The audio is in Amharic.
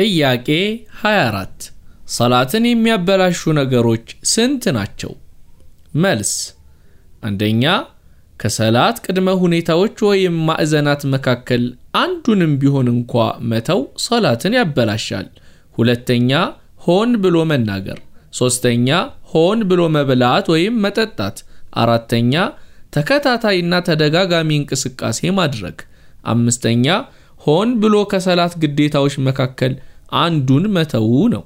ጥያቄ 24 ሰላትን የሚያበላሹ ነገሮች ስንት ናቸው? መልስ፣ አንደኛ ከሰላት ቅድመ ሁኔታዎች ወይም ማዕዘናት መካከል አንዱንም ቢሆን እንኳ መተው ሰላትን ያበላሻል። ሁለተኛ ሆን ብሎ መናገር፣ ሶስተኛ ሆን ብሎ መብላት ወይም መጠጣት፣ አራተኛ ተከታታይና ተደጋጋሚ እንቅስቃሴ ማድረግ፣ አምስተኛ ሆን ብሎ ከሰላት ግዴታዎች መካከል አንዱን መተው ነው